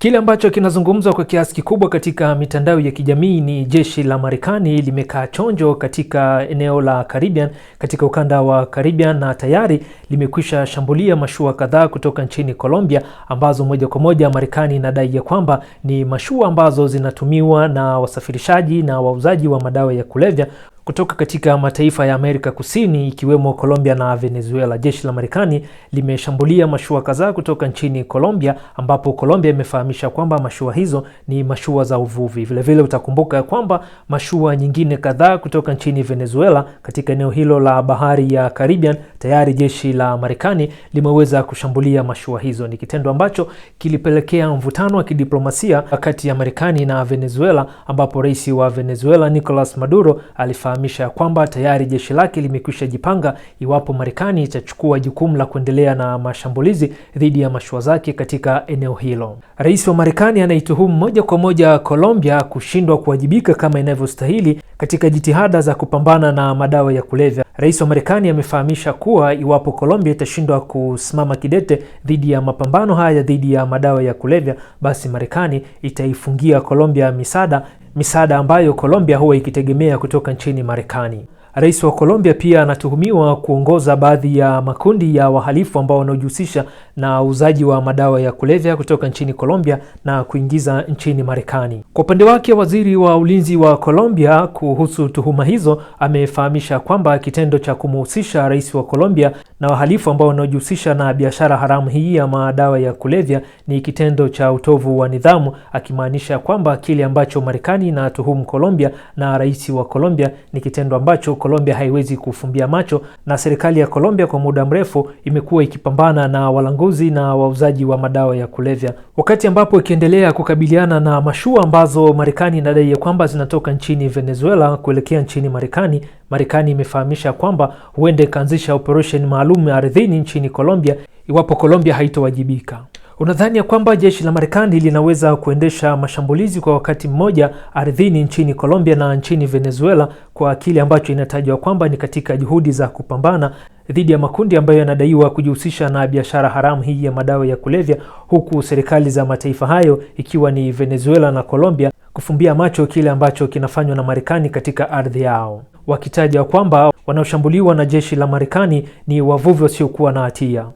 Kile ambacho kinazungumzwa kwa kiasi kikubwa katika mitandao ya kijamii ni jeshi la Marekani limekaa chonjo katika eneo la Caribbean, katika ukanda wa Caribbean, na tayari limekwisha shambulia mashua kadhaa kutoka nchini Colombia, ambazo moja kwa moja Marekani inadai ya kwamba ni mashua ambazo zinatumiwa na wasafirishaji na wauzaji wa madawa ya kulevya kutoka katika mataifa ya Amerika Kusini ikiwemo Colombia na Venezuela. Jeshi la Marekani limeshambulia mashua kadhaa kutoka nchini Colombia, ambapo Colombia imefahamisha kwamba mashua hizo ni mashua za uvuvi. Vilevile utakumbuka kwamba mashua nyingine kadhaa kutoka nchini Venezuela katika eneo hilo la bahari ya Caribbean, tayari jeshi la Marekani limeweza kushambulia mashua hizo. Ni kitendo ambacho kilipelekea mvutano wa kidiplomasia kati ya Marekani na Venezuela, ambapo rais wa Venezuela Nicolas Maduro alifahamisha amefahamisha ya kwamba tayari jeshi lake limekwisha jipanga iwapo Marekani itachukua jukumu la kuendelea na mashambulizi dhidi ya mashua zake katika eneo hilo. Rais wa Marekani anaituhumu moja kwa moja Colombia kushindwa kuwajibika kama inavyostahili katika jitihada za kupambana na madawa ya kulevya. Rais wa Marekani amefahamisha kuwa iwapo Colombia itashindwa kusimama kidete dhidi ya mapambano haya dhidi ya madawa ya kulevya, basi Marekani itaifungia Colombia misaada misaada ambayo Colombia huwa ikitegemea kutoka nchini Marekani. Rais wa Colombia pia anatuhumiwa kuongoza baadhi ya makundi ya wahalifu ambao wanaojihusisha na uuzaji wa madawa ya kulevya kutoka nchini Colombia na kuingiza nchini Marekani. Kwa upande wake, waziri wa ulinzi wa Colombia kuhusu tuhuma hizo amefahamisha kwamba kitendo cha kumhusisha rais wa Colombia na wahalifu ambao wanaojihusisha na biashara haramu hii ya madawa ya kulevya ni kitendo cha utovu wa nidhamu, akimaanisha kwamba kile ambacho Marekani inatuhumu Colombia na rais wa Colombia ni kitendo ambacho Colombia haiwezi kufumbia macho, na serikali ya Colombia kwa muda mrefu imekuwa ikipambana na walanguzi na wauzaji wa madawa ya kulevya, wakati ambapo ikiendelea kukabiliana na mashua ambazo Marekani inadai ya kwamba zinatoka nchini Venezuela kuelekea nchini Marekani. Marekani imefahamisha kwamba huenda ikaanzisha operesheni maalum ardhini nchini Colombia iwapo Colombia haitowajibika. Unadhani ya kwamba jeshi la Marekani linaweza kuendesha mashambulizi kwa wakati mmoja ardhini nchini Colombia na nchini Venezuela kwa kile ambacho inatajwa kwamba ni katika juhudi za kupambana dhidi ya makundi ambayo yanadaiwa kujihusisha na biashara haramu hii ya madawa ya kulevya, huku serikali za mataifa hayo ikiwa ni Venezuela na Colombia kufumbia macho kile ambacho kinafanywa na Marekani katika ardhi yao, wakitaja kwamba wanaoshambuliwa na jeshi la Marekani ni wavuvi wasiokuwa na hatia.